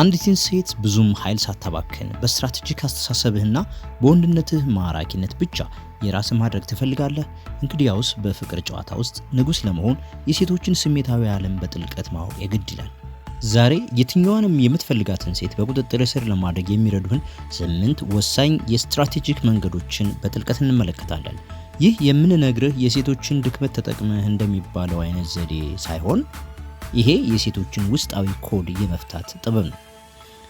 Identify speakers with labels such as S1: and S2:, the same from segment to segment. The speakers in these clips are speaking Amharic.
S1: አንዲትን ሴት ብዙም ኃይል ሳታባክን በስትራቴጂክ አስተሳሰብህና በወንድነትህ ማራኪነት ብቻ የራስ ማድረግ ትፈልጋለህ? እንግዲያውስ በፍቅር ጨዋታ ውስጥ ንጉሥ ለመሆን የሴቶችን ስሜታዊ ዓለም በጥልቀት ማወቅ የግድ ይላል። ዛሬ የትኛዋንም የምትፈልጋትን ሴት በቁጥጥር ስር ለማድረግ የሚረዱህን ስምንት ወሳኝ የስትራቴጂክ መንገዶችን በጥልቀት እንመለከታለን። ይህ የምንነግርህ የሴቶችን ድክመት ተጠቅመህ እንደሚባለው አይነት ዘዴ ሳይሆን ይሄ የሴቶችን ውስጣዊ ኮድ የመፍታት ጥበብ ነው።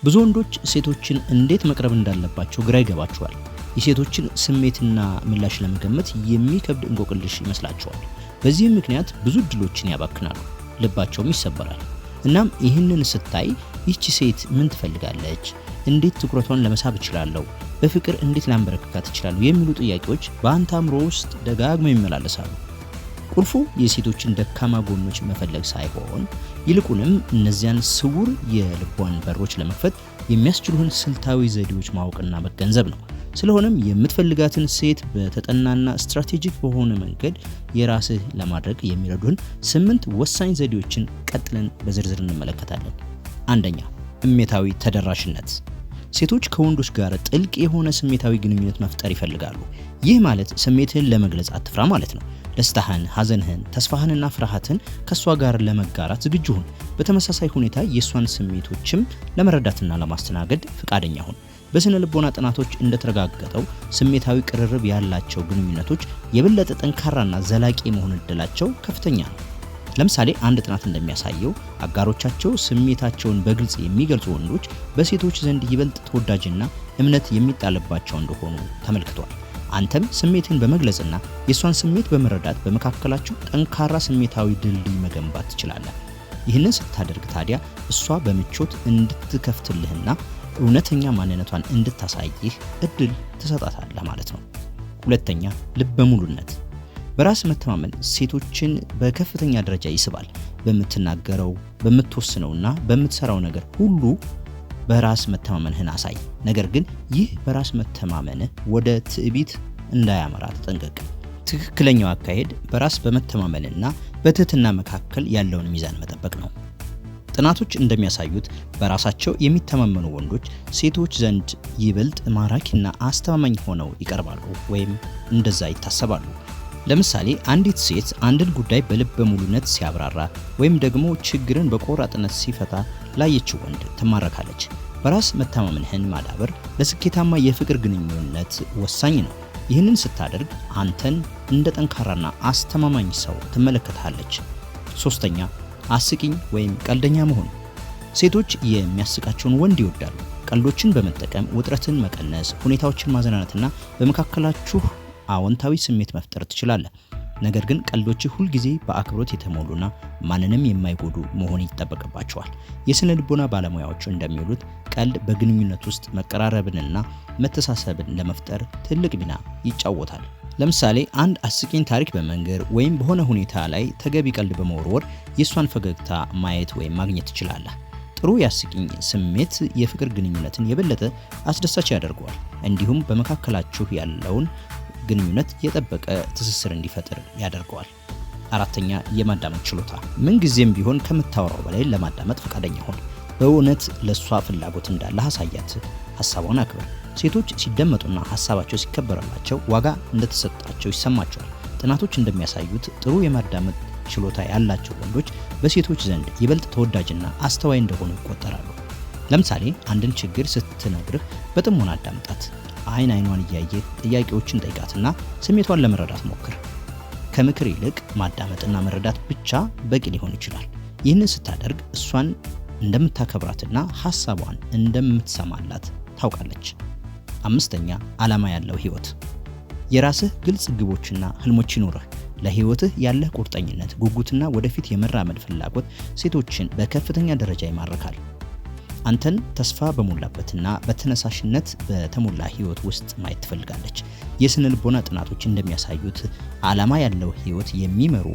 S1: ብዙ ወንዶች ሴቶችን እንዴት መቅረብ እንዳለባቸው ግራ ይገባቸዋል። የሴቶችን ስሜትና ምላሽ ለመገመት የሚከብድ እንቆቅልሽ ይመስላቸዋል። በዚህም ምክንያት ብዙ እድሎችን ያባክናሉ፣ ልባቸውም ይሰበራል። እናም ይህንን ስታይ ይቺ ሴት ምን ትፈልጋለች? እንዴት ትኩረቷን ለመሳብ እችላለሁ? በፍቅር እንዴት ላንበረከካት እችላለሁ? የሚሉ ጥያቄዎች በአንተ አእምሮ ውስጥ ደጋግመው ይመላለሳሉ። ቁልፉ የሴቶችን ደካማ ጎኖች መፈለግ ሳይሆን ይልቁንም እነዚያን ስውር የልቧን በሮች ለመክፈት የሚያስችሉን ስልታዊ ዘዴዎች ማወቅና መገንዘብ ነው። ስለሆነም የምትፈልጋትን ሴት በተጠናና ስትራቴጂክ በሆነ መንገድ የራስህ ለማድረግ የሚረዱህን ስምንት ወሳኝ ዘዴዎችን ቀጥለን በዝርዝር እንመለከታለን። አንደኛ፣ እሜታዊ ተደራሽነት ሴቶች ከወንዶች ጋር ጥልቅ የሆነ ስሜታዊ ግንኙነት መፍጠር ይፈልጋሉ። ይህ ማለት ስሜትህን ለመግለጽ አትፍራ ማለት ነው። ደስታህን፣ ሐዘንህን፣ ተስፋህንና ፍርሃትን ከእሷ ጋር ለመጋራት ዝግጁ ሁን። በተመሳሳይ ሁኔታ የእሷን ስሜቶችም ለመረዳትና ለማስተናገድ ፈቃደኛ ሁን። በስነ ልቦና ጥናቶች እንደተረጋገጠው ስሜታዊ ቅርርብ ያላቸው ግንኙነቶች የበለጠ ጠንካራና ዘላቂ የመሆን እድላቸው ከፍተኛ ነው። ለምሳሌ አንድ ጥናት እንደሚያሳየው አጋሮቻቸው ስሜታቸውን በግልጽ የሚገልጹ ወንዶች በሴቶች ዘንድ ይበልጥ ተወዳጅና እምነት የሚጣልባቸው እንደሆኑ ተመልክቷል። አንተም ስሜትን በመግለጽና የእሷን ስሜት በመረዳት በመካከላችሁ ጠንካራ ስሜታዊ ድልድይ መገንባት ትችላለህ። ይህንን ስታደርግ ታዲያ እሷ በምቾት እንድትከፍትልህና እውነተኛ ማንነቷን እንድታሳይህ እድል ትሰጣታለህ ማለት ነው። ሁለተኛ ልበ ሙሉነት በራስ መተማመን ሴቶችን በከፍተኛ ደረጃ ይስባል። በምትናገረው፣ በምትወስነውና በምትሰራው ነገር ሁሉ በራስ መተማመንህን አሳይ። ነገር ግን ይህ በራስ መተማመን ወደ ትዕቢት እንዳያመራ ተጠንቀቅ። ትክክለኛው አካሄድ በራስ በመተማመንና በትህትና መካከል ያለውን ሚዛን መጠበቅ ነው። ጥናቶች እንደሚያሳዩት በራሳቸው የሚተማመኑ ወንዶች ሴቶች ዘንድ ይበልጥ ማራኪና አስተማማኝ ሆነው ይቀርባሉ ወይም እንደዛ ይታሰባሉ። ለምሳሌ አንዲት ሴት አንድን ጉዳይ በልበ ሙሉነት ሲያብራራ ወይም ደግሞ ችግርን በቆራጥነት ሲፈታ ላየችው ወንድ ትማረካለች። በራስ መተማመንህን ማዳበር ለስኬታማ የፍቅር ግንኙነት ወሳኝ ነው። ይህንን ስታደርግ አንተን እንደ ጠንካራና አስተማማኝ ሰው ትመለከታለች። ሶስተኛ አስቂኝ ወይም ቀልደኛ መሆን። ሴቶች የሚያስቃቸውን ወንድ ይወዳሉ። ቀልዶችን በመጠቀም ውጥረትን መቀነስ፣ ሁኔታዎችን ማዝናናትና በመካከላችሁ አዎንታዊ ስሜት መፍጠር ትችላለህ። ነገር ግን ቀልዶች ሁልጊዜ በአክብሮት የተሞሉና ማንንም የማይጎዱ መሆን ይጠበቅባቸዋል። የስነ ልቦና ባለሙያዎች እንደሚሉት ቀልድ በግንኙነት ውስጥ መቀራረብንና መተሳሰብን ለመፍጠር ትልቅ ሚና ይጫወታል። ለምሳሌ አንድ አስቂኝ ታሪክ በመንገር ወይም በሆነ ሁኔታ ላይ ተገቢ ቀልድ በመወርወር የእሷን ፈገግታ ማየት ወይም ማግኘት ትችላለህ። ጥሩ የአስቂኝ ስሜት የፍቅር ግንኙነትን የበለጠ አስደሳች ያደርገዋል፣ እንዲሁም በመካከላችሁ ያለውን ግንኙነት የጠበቀ ትስስር እንዲፈጥር ያደርገዋል። አራተኛ የማዳመጥ ችሎታ። ምንጊዜም ቢሆን ከምታወራው በላይ ለማዳመጥ ፈቃደኛ ሆን። በእውነት ለእሷ ፍላጎት እንዳለ አሳያት። ሀሳቧን አክብር። ሴቶች ሲደመጡና ሀሳባቸው ሲከበረላቸው ዋጋ እንደተሰጣቸው ይሰማቸዋል። ጥናቶች እንደሚያሳዩት ጥሩ የማዳመጥ ችሎታ ያላቸው ወንዶች በሴቶች ዘንድ ይበልጥ ተወዳጅና አስተዋይ እንደሆኑ ይቆጠራሉ። ለምሳሌ አንድን ችግር ስትነግርህ በጥሞና አዳምጣት። አይን አይኗን እያየ ጥያቄዎችን ጠይቃትና ስሜቷን ለመረዳት ሞክር። ከምክር ይልቅ ማዳመጥና መረዳት ብቻ በቂ ሊሆን ይችላል። ይህንን ስታደርግ እሷን እንደምታከብራትና ሀሳቧን እንደምትሰማላት ታውቃለች። አምስተኛ ዓላማ ያለው ህይወት። የራስህ ግልጽ ግቦችና ህልሞች ይኑርህ። ለህይወትህ ያለህ ቁርጠኝነት፣ ጉጉትና ወደፊት የመራመድ ፍላጎት ሴቶችን በከፍተኛ ደረጃ ይማርካል። አንተን ተስፋ በሞላበትና በተነሳሽነት በተሞላ ህይወት ውስጥ ማየት ትፈልጋለች። የስነ ልቦና ጥናቶች እንደሚያሳዩት ዓላማ ያለው ህይወት የሚመሩ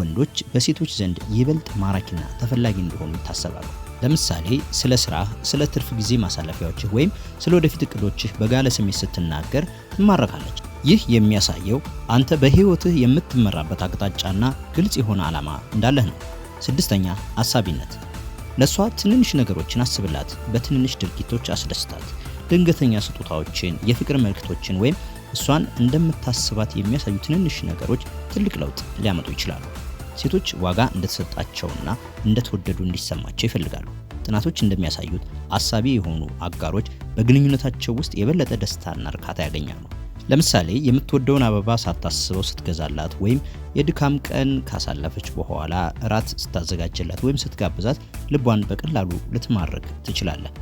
S1: ወንዶች በሴቶች ዘንድ ይበልጥ ማራኪና ተፈላጊ እንደሆኑ ይታሰባሉ። ለምሳሌ ስለ ስራ፣ ስለ ትርፍ ጊዜ ማሳለፊያዎችህ ወይም ስለ ወደፊት እቅዶችህ በጋለ ስሜት ስትናገር ትማረካለች። ይህ የሚያሳየው አንተ በህይወትህ የምትመራበት አቅጣጫና ግልጽ የሆነ ዓላማ እንዳለህ ነው። ስድስተኛ አሳቢነት ለእሷ ትንንሽ ነገሮችን አስብላት፣ በትንንሽ ድርጊቶች አስደስታት። ድንገተኛ ስጦታዎችን፣ የፍቅር መልእክቶችን ወይም እሷን እንደምታስባት የሚያሳዩ ትንንሽ ነገሮች ትልቅ ለውጥ ሊያመጡ ይችላሉ። ሴቶች ዋጋ እንደተሰጣቸውና እንደተወደዱ እንዲሰማቸው ይፈልጋሉ። ጥናቶች እንደሚያሳዩት አሳቢ የሆኑ አጋሮች በግንኙነታቸው ውስጥ የበለጠ ደስታና እርካታ ያገኛሉ። ለምሳሌ የምትወደውን አበባ ሳታስበው ስትገዛላት ወይም የድካም ቀን ካሳለፈች በኋላ እራት ስታዘጋጅላት ወይም ስትጋብዛት ልቧን በቀላሉ ልትማርክ ትችላለህ።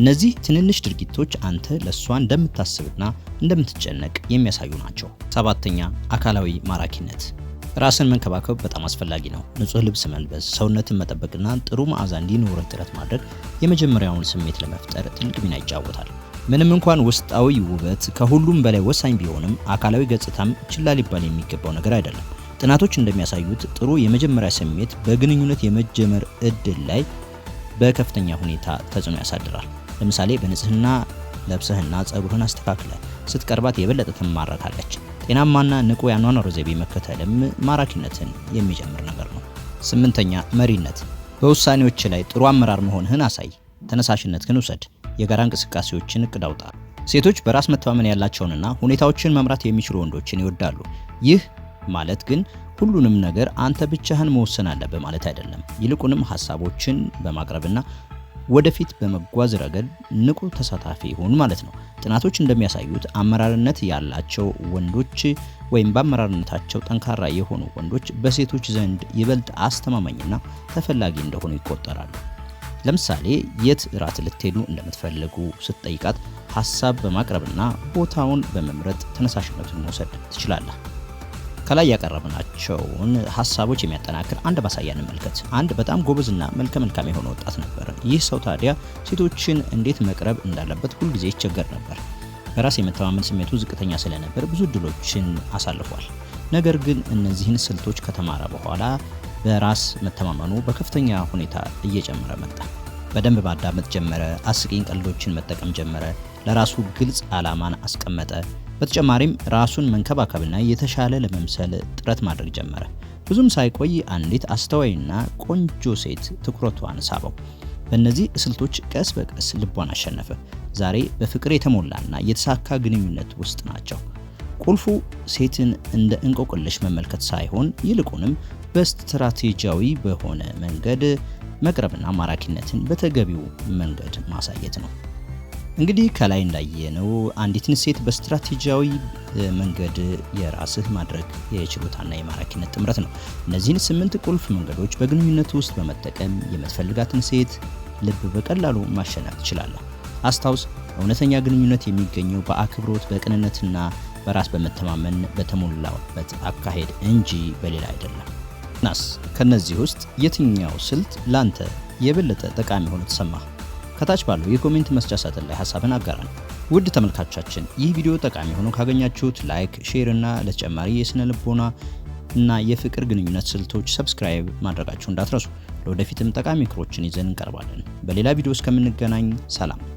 S1: እነዚህ ትንንሽ ድርጊቶች አንተ ለእሷ እንደምታስብና እንደምትጨነቅ የሚያሳዩ ናቸው። ሰባተኛ አካላዊ ማራኪነት። ራስን መንከባከብ በጣም አስፈላጊ ነው። ንጹህ ልብስ መልበስ፣ ሰውነትን መጠበቅና ጥሩ መዓዛ እንዲኖረህ ጥረት ማድረግ የመጀመሪያውን ስሜት ለመፍጠር ትልቅ ሚና ይጫወታል። ምንም እንኳን ውስጣዊ ውበት ከሁሉም በላይ ወሳኝ ቢሆንም አካላዊ ገጽታም ችላ ሊባል የሚገባው ነገር አይደለም። ጥናቶች እንደሚያሳዩት ጥሩ የመጀመሪያ ስሜት በግንኙነት የመጀመር እድል ላይ በከፍተኛ ሁኔታ ተጽዕኖ ያሳድራል። ለምሳሌ በንጽህና ለብሰህና ጸጉርህን አስተካክለ ስትቀርባት የበለጠ ትማረካለች። ጤናማና ንቁ የአኗኗር ዘይቤ መከተልም ማራኪነትን የሚጨምር ነገር ነው። ስምንተኛ መሪነት፣ በውሳኔዎች ላይ ጥሩ አመራር መሆንህን አሳይ። ግን ውሰድ። የጋራ እንቅስቃሴዎችን እቅድ አውጣ። ሴቶች በራስ መተማመን ያላቸውንና ሁኔታዎችን መምራት የሚችሉ ወንዶችን ይወዳሉ። ይህ ማለት ግን ሁሉንም ነገር አንተ ብቻህን መወሰን አለብህ ማለት አይደለም። ይልቁንም ሀሳቦችን በማቅረብና ወደፊት በመጓዝ ረገድ ንቁ ተሳታፊ ይሁን ማለት ነው። ጥናቶች እንደሚያሳዩት አመራርነት ያላቸው ወንዶች ወይም በአመራርነታቸው ጠንካራ የሆኑ ወንዶች በሴቶች ዘንድ ይበልጥ አስተማማኝና ተፈላጊ እንደሆኑ ይቆጠራሉ። ለምሳሌ የት እራት ልትሄዱ እንደምትፈልጉ ስትጠይቃት ሀሳብ በማቅረብና ቦታውን በመምረጥ ተነሳሽነቱን መውሰድ ትችላለህ። ከላይ ያቀረብናቸውን ሀሳቦች የሚያጠናክር አንድ ማሳያ እንመልከት። አንድ በጣም ጎበዝና መልከ መልካም የሆነ ወጣት ነበር። ይህ ሰው ታዲያ ሴቶችን እንዴት መቅረብ እንዳለበት ሁልጊዜ ይቸገር ነበር። በራስ የመተማመን ስሜቱ ዝቅተኛ ስለነበር ብዙ እድሎችን አሳልፏል። ነገር ግን እነዚህን ስልቶች ከተማረ በኋላ በራስ መተማመኑ በከፍተኛ ሁኔታ እየጨመረ መጣ። በደንብ ማዳመጥ ጀመረ። አስቂኝ ቀልዶችን መጠቀም ጀመረ። ለራሱ ግልጽ ዓላማን አስቀመጠ። በተጨማሪም ራሱን መንከባከብና የተሻለ ለመምሰል ጥረት ማድረግ ጀመረ። ብዙም ሳይቆይ አንዲት አስተዋይና ቆንጆ ሴት ትኩረቷን ሳበው። በእነዚህ ስልቶች ቀስ በቀስ ልቧን አሸነፈ። ዛሬ በፍቅር የተሞላና የተሳካ ግንኙነት ውስጥ ናቸው። ቁልፉ ሴትን እንደ እንቆቅልሽ መመልከት ሳይሆን ይልቁንም በስትራቴጂያዊ በሆነ መንገድ መቅረብና ማራኪነትን በተገቢው መንገድ ማሳየት ነው። እንግዲህ ከላይ እንዳየነው አንዲትን ሴት በስትራቴጂያዊ መንገድ የራስህ ማድረግ የችሎታና የማራኪነት ጥምረት ነው። እነዚህን ስምንት ቁልፍ መንገዶች በግንኙነት ውስጥ በመጠቀም የምትፈልጋትን ሴት ልብ በቀላሉ ማሸነፍ ትችላለህ። አስታውስ፣ እውነተኛ ግንኙነት የሚገኘው በአክብሮት በቅንነትና በራስ በመተማመን በተሞላበት አካሄድ እንጂ በሌላ አይደለም። ናስ ከነዚህ ውስጥ የትኛው ስልት ላንተ የበለጠ ጠቃሚ ሆኖ ተሰማ? ከታች ባለው የኮሜንት መስጫ ሳጥን ላይ ሀሳብን አጋራን። ውድ ተመልካቾቻችን ይህ ቪዲዮ ጠቃሚ ሆኖ ካገኛችሁት ላይክ፣ ሼር እና ለተጨማሪ የስነ ልቦና እና የፍቅር ግንኙነት ስልቶች ሰብስክራይብ ማድረጋችሁ እንዳትረሱ። ለወደፊትም ጠቃሚ ምክሮችን ይዘን እንቀርባለን። በሌላ ቪዲዮ እስከምንገናኝ ሰላም።